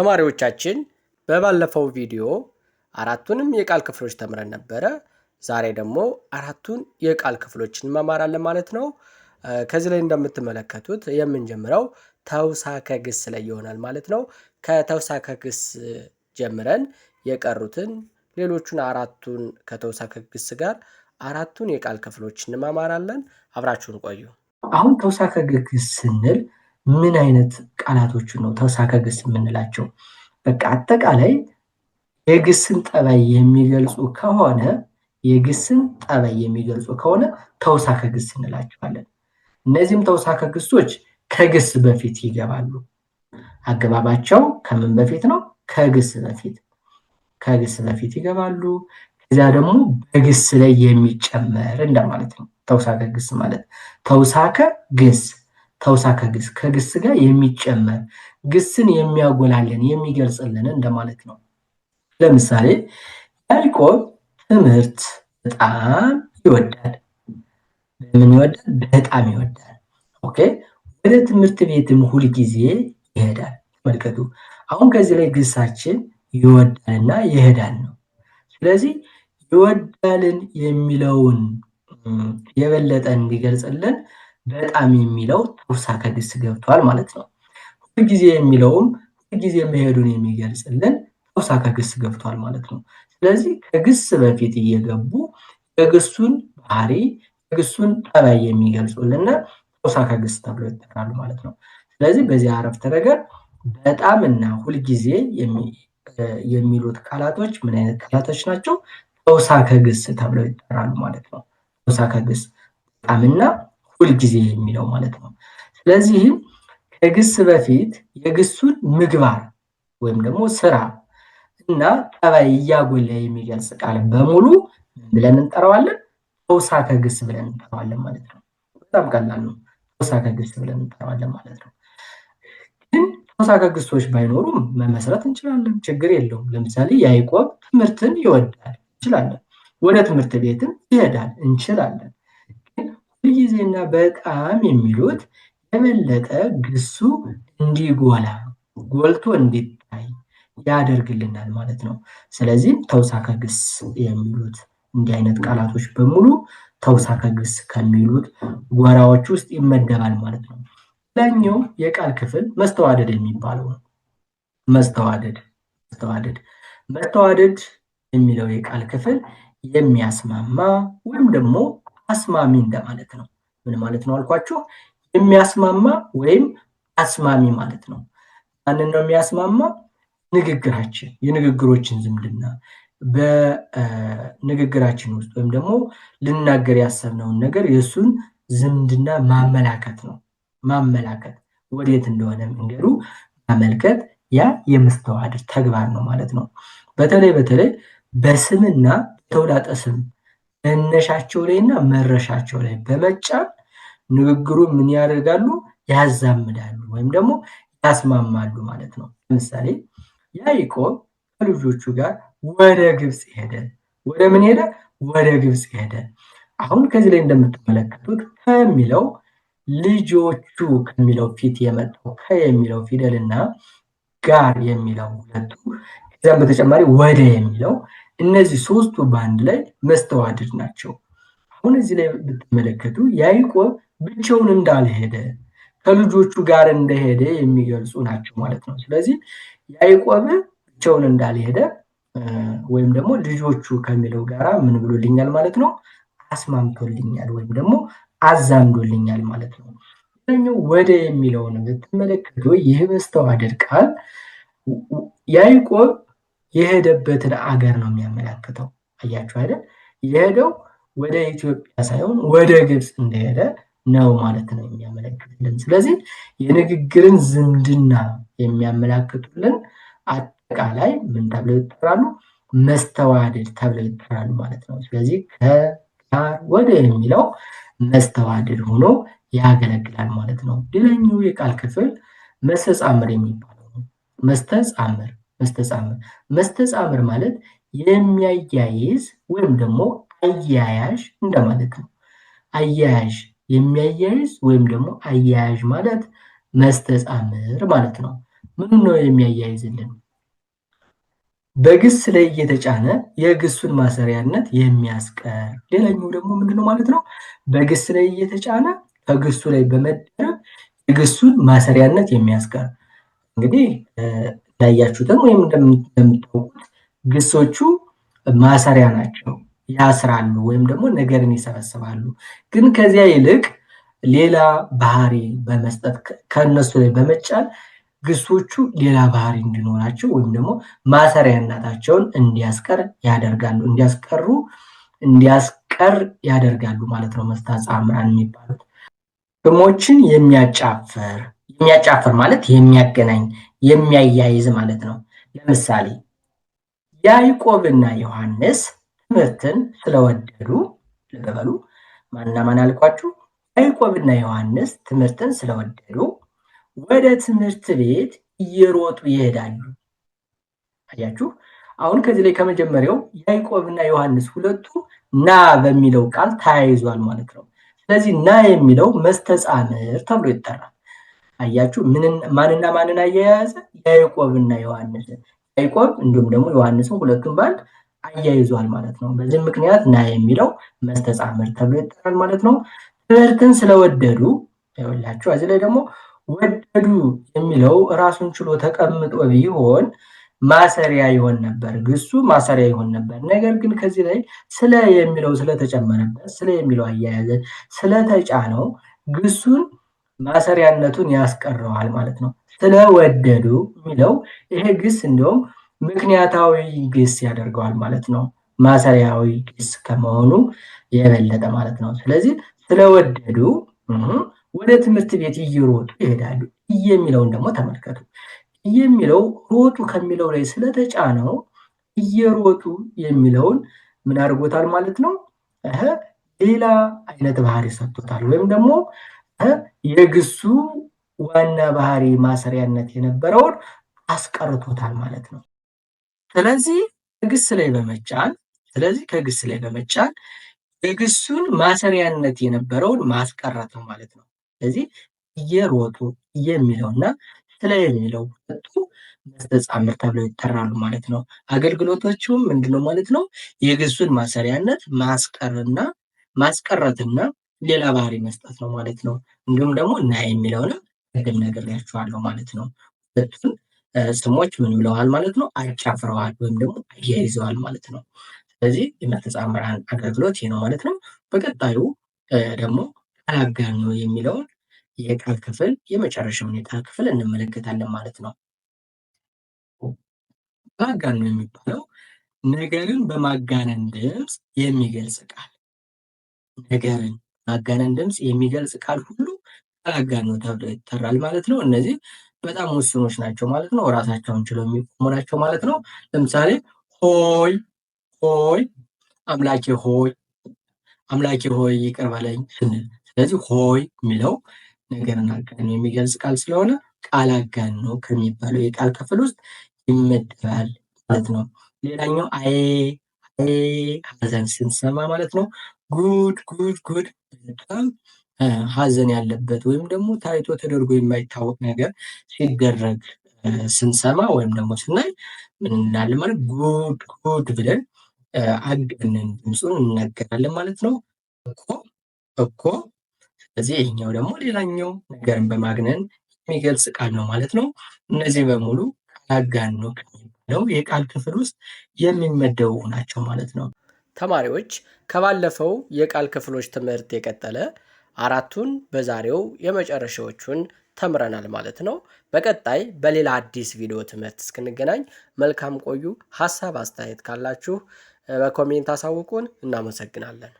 ተማሪዎቻችን በባለፈው ቪዲዮ አራቱንም የቃል ክፍሎች ተምረን ነበረ። ዛሬ ደግሞ አራቱን የቃል ክፍሎች እንመማራለን ማለት ነው። ከዚህ ላይ እንደምትመለከቱት የምንጀምረው ተውሳከ ግስ ላይ ይሆናል ማለት ነው። ከተውሳከ ግስ ጀምረን የቀሩትን ሌሎቹን አራቱን ከተውሳከ ግስ ጋር አራቱን የቃል ክፍሎች እንመማራለን። አብራችሁን ቆዩ። አሁን ተውሳከ ግስ ስንል ምን አይነት ቃላቶቹን ነው ተውሳከ ግስ የምንላቸው። በቃ አጠቃላይ የግስን ጠባይ የሚገልጹ ከሆነ የግስን ጠባይ የሚገልጹ ከሆነ ተውሳከ ግስ እንላቸዋለን። እነዚህም ተውሳከ ግሶች ከግስ በፊት ይገባሉ። አገባባቸው ከምን በፊት ነው? ከግስ በፊት ከግስ በፊት ይገባሉ። ከዚያ ደግሞ በግስ ላይ የሚጨመር እንደማለት ነው ተውሳከ ግስ ማለት። ተውሳከ ግስ ተውሳከ ግስ ከግስ ጋር የሚጨመር ግስን የሚያጎላልን የሚገልጽልን እንደማለት ነው። ለምሳሌ ያዕቆብ ትምህርት በጣም ይወዳል። ምን ይወዳል? በጣም ይወዳል። ኦኬ ወደ ትምህርት ቤትም ሁልጊዜ ይሄዳል። ተመልከቱ። አሁን ከዚህ ላይ ግሳችን ይወዳልና ይሄዳል ነው። ስለዚህ ይወዳልን የሚለውን የበለጠ እንዲገልጽልን በጣም የሚለው ተውሳ ከግስ ገብቷል ማለት ነው። ሁልጊዜ የሚለውም ሁልጊዜ መሄዱን የሚገልጽልን ተውሳ ከግስ ገብቷል ማለት ነው። ስለዚህ ከግስ በፊት እየገቡ የግሱን ባህሪ የግሱን ጠባይ የሚገልጹልና ተውሳ ከግስ ተብሎ ይጠራሉ ማለት ነው። ስለዚህ በዚህ አረፍተ ነገር በጣም እና ሁልጊዜ የሚሉት ቃላቶች ምን አይነት ቃላቶች ናቸው? ተውሳ ከግስ ተብለው ይጠራሉ ማለት ነው። ከግስ በጣም እና ሁልጊዜ የሚለው ማለት ነው። ስለዚህም ከግስ በፊት የግሱን ምግባር ወይም ደግሞ ስራ እና ጠባይ እያጎላ የሚገልጽ ቃል በሙሉ ብለን እንጠራዋለን ተውሳከ ግስ ብለን እንጠራዋለን ማለት ነው። በጣም ቀላል ነው። ተውሳከ ግስ ብለን እንጠራዋለን ማለት ነው። ግን ተውሳከ ግሶች ባይኖሩም መመስረት እንችላለን፣ ችግር የለውም። ለምሳሌ ያዕቆብ ትምህርትን ይወዳል እንችላለን። ወደ ትምህርት ቤትም ይሄዳል እንችላለን። ጊዜና በጣም የሚሉት የበለጠ ግሱ እንዲጎላ ጎልቶ እንዲታይ ያደርግልናል ማለት ነው። ስለዚህ ተውሳከ ግስ የሚሉት እንዲህ አይነት ቃላቶች በሙሉ ተውሳከ ግስ ከሚሉት ጎራዎች ውስጥ ይመደባል ማለት ነው። ሌላኛው የቃል ክፍል መስተዋደድ የሚባለው ነው። መስተዋደድ መስተዋደድ መስተዋደድ የሚለው የቃል ክፍል የሚያስማማ ወይም ደግሞ አስማሚ እንደማለት ነው። ምን ማለት ነው አልኳችሁ? የሚያስማማ ወይም አስማሚ ማለት ነው። ማንን ነው የሚያስማማ? ንግግራችን፣ የንግግሮችን ዝምድና በንግግራችን ውስጥ ወይም ደግሞ ልናገር ያሰብነውን ነገር የእሱን ዝምድና ማመላከት ነው። ማመላከት ወዴት እንደሆነ መንገዱ ማመልከት፣ ያ የመስተዋድር ተግባር ነው ማለት ነው። በተለይ በተለይ በስምና ተውላጠ ስም መነሻቸው ላይ እና መረሻቸው ላይ በመጫን ንግግሩ ምን ያደርጋሉ? ያዛምዳሉ ወይም ደግሞ ያስማማሉ ማለት ነው። ለምሳሌ ያይቆብ ከልጆቹ ጋር ወደ ግብፅ ሄደ። ወደ ምን ሄደ? ወደ ግብፅ ሄደ። አሁን ከዚህ ላይ እንደምትመለከቱት ከሚለው ልጆቹ ከሚለው ፊት የመጣው ከ የሚለው ፊደልና ጋር የሚለው ሁለቱ ከዚያም በተጨማሪ ወደ የሚለው እነዚህ ሶስቱ በአንድ ላይ መስተዋድድ ናቸው። አሁን እዚህ ላይ ብትመለከቱ ያይቆብ ብቻውን እንዳልሄደ ከልጆቹ ጋር እንደሄደ የሚገልጹ ናቸው ማለት ነው። ስለዚህ ያዕቆብ ብቻውን እንዳልሄደ ወይም ደግሞ ልጆቹ ከሚለው ጋራ ምን ብሎልኛል ማለት ነው፣ አስማምቶልኛል ወይም ደግሞ አዛምዶልኛል ማለት ነው። ሌላኛው ወደ የሚለውን ብትመለከቱ ይህ መስተዋደድ ቃል ያዕቆብ የሄደበትን አገር ነው የሚያመላክተው። አያችሁ አይደል? የሄደው ወደ ኢትዮጵያ ሳይሆን ወደ ግብፅ እንደሄደ ነው ማለት ነው የሚያመለክትልን። ስለዚህ የንግግርን ዝምድና የሚያመላክቱልን አጠቃላይ ምን ተብለው ይጠራሉ? መስተዋድድ ተብለው ይጠራሉ ማለት ነው። ስለዚህ ከዳር ወደ የሚለው መስተዋድድ ሆኖ ያገለግላል ማለት ነው። ሌላኛው የቃል ክፍል መስተጻምር የሚባለው ነው። መስተጻምር መስተጻምር መስተጻምር ማለት የሚያያይዝ ወይም ደግሞ አያያዥ እንደማለት ነው። አያያዥ የሚያያይዝ ወይም ደግሞ አያያዥ ማለት መስተጻምር ማለት ነው። ምን ነው የሚያያይዝልን? በግስ ላይ እየተጫነ የግሱን ማሰሪያነት የሚያስቀር። ሌላኛው ደግሞ ምንድነው ማለት ነው? በግስ ላይ እየተጫነ ከግሱ ላይ በመደረብ የግሱን ማሰሪያነት የሚያስቀር። እንግዲህ እንዳያችሁትም ወይም እንደምታውቁት ግሶቹ ማሰሪያ ናቸው። ያስራሉ ወይም ደግሞ ነገርን ይሰበስባሉ። ግን ከዚያ ይልቅ ሌላ ባህሪ በመስጠት ከእነሱ ላይ በመጫን ግሶቹ ሌላ ባህሪ እንዲኖራቸው ወይም ደግሞ ማሰሪያነታቸውን እንዲያስቀር ያደርጋሉ እንዲያስቀሩ እንዲያስቀር ያደርጋሉ ማለት ነው። መስተጻምራን የሚባሉት ህሞችን የሚያጫፍር የሚያጫፍር ማለት የሚያገናኝ የሚያያይዝ ማለት ነው። ለምሳሌ ያዕቆብና ዮሐንስ ትምህርትን ስለወደዱ ልብ በሉ። ማና ማን አልኳችሁ? ያዕቆብና ዮሐንስ ትምህርትን ስለወደዱ ወደ ትምህርት ቤት እየሮጡ ይሄዳሉ። አያችሁ? አሁን ከዚህ ላይ ከመጀመሪያው ያዕቆብና ዮሐንስ ሁለቱ ና በሚለው ቃል ተያይዟል ማለት ነው። ስለዚህ ና የሚለው መስተጻምር ተብሎ ይጠራል። አያችሁ? ማንና ማንን አያያዘ? ያዕቆብና ዮሐንስ ያዕቆብ እንዲሁም ደግሞ ዮሐንስም ሁለቱም በአንድ አያይዟል ማለት ነው። በዚህ ምክንያት ና የሚለው መስተጻምር ተብሎ ይጠራል ማለት ነው። ትምህርትን ስለወደዱ ይኸውላችሁ፣ እዚህ ላይ ደግሞ ወደዱ የሚለው ራሱን ችሎ ተቀምጦ ቢሆን ማሰሪያ ይሆን ነበር፣ ግሱ ማሰሪያ ይሆን ነበር። ነገር ግን ከዚህ ላይ ስለ የሚለው ስለተጨመረበት ስለ የሚለው አያያዘ ስለተጫነው ግሱን ማሰሪያነቱን ያስቀረዋል ማለት ነው። ስለወደዱ የሚለው ይሄ ግስ እንዲሁም ምክንያታዊ ግስ ያደርገዋል ማለት ነው። ማሰሪያዊ ግስ ከመሆኑ የበለጠ ማለት ነው። ስለዚህ ስለወደዱ ወደ ትምህርት ቤት እየሮጡ ይሄዳሉ የሚለውን ደግሞ ተመልከቱ። የሚለው ሮጡ ከሚለው ላይ ስለተጫነው እየሮጡ የሚለውን ምን አድርጎታል ማለት ነው። ሌላ አይነት ባህሪ ሰጥቶታል። ወይም ደግሞ የግሱ ዋና ባህሪ ማሰሪያነት የነበረውን አስቀርቶታል ማለት ነው። ስለዚህ ከግስ ላይ በመጫን ስለዚህ ከግስ ላይ በመጫን የግሱን ማሰሪያነት የነበረውን ማስቀረት ነው ማለት ነው። ስለዚህ እየሮጡ የሚለውና የሚለው ሁለቱ መስተጻምር ተብለው ይጠራሉ ማለት ነው። አገልግሎቶቹም ምንድነው ማለት ነው? የግሱን ማሰሪያነት ማስቀርና ማስቀረትና ሌላ ባህሪ መስጠት ነው ማለት ነው። እንዲሁም ደግሞ ና የሚለውንም ቅድም ነግሬያችኋለሁ ማለት ነው ሁለቱን ስሞች ምን ብለዋል ማለት ነው? አጫፍረዋል ወይም ደግሞ አያይዘዋል ማለት ነው። ስለዚህ የመተጻምራን ብርሃን አገልግሎት ይህ ነው ማለት ነው። በቀጣዩ ደግሞ ቃል አጋኖ የሚለውን የቃል ክፍል የመጨረሻውን የቃል ክፍል እንመለከታለን ማለት ነው። ቃል የሚባለው ነገርን በማጋነን ድምፅ የሚገልጽ ቃል ነገርን ማጋነን ድምፅ የሚገልጽ ቃል ሁሉ ቃል አጋኖ ተብሎ ይጠራል ማለት ነው። እነዚህ በጣም ውስኖች ናቸው ማለት ነው። ራሳቸውን ችለው የሚቆሙ ናቸው ማለት ነው። ለምሳሌ ሆይ ሆይ አምላኬ ሆይ አምላኬ ሆይ ይቅር በለኝ ስንል፣ ስለዚህ ሆይ የሚለው ነገርን አጋኖ የሚገልጽ ቃል ስለሆነ ቃል አጋኖ ከሚባለው የቃል ክፍል ውስጥ ይመደባል ማለት ነው። ሌላኛው አዬ አዬ ሀዘን ስንሰማ ማለት ነው ጉድ ጉድ ጉድ በጣም ሀዘን ያለበት ወይም ደግሞ ታይቶ ተደርጎ የማይታወቅ ነገር ሲደረግ ስንሰማ ወይም ደግሞ ስናይ ምን እንላለን ማለት ጉድ ጉድ ብለን አግንን ድምፁን እናገራለን ማለት ነው። እኮ እኮ። ስለዚህ ይህኛው ደግሞ ሌላኛው ነገርን በማግነን የሚገልጽ ቃል ነው ማለት ነው። እነዚህ በሙሉ አጋኖ ነው ከሚባለው የቃል ክፍል ውስጥ የሚመደቡ ናቸው ማለት ነው። ተማሪዎች ከባለፈው የቃል ክፍሎች ትምህርት የቀጠለ አራቱን በዛሬው የመጨረሻዎቹን ተምረናል ማለት ነው። በቀጣይ በሌላ አዲስ ቪዲዮ ትምህርት እስክንገናኝ መልካም ቆዩ። ሀሳብ አስተያየት ካላችሁ በኮሜንት አሳውቁን። እናመሰግናለን።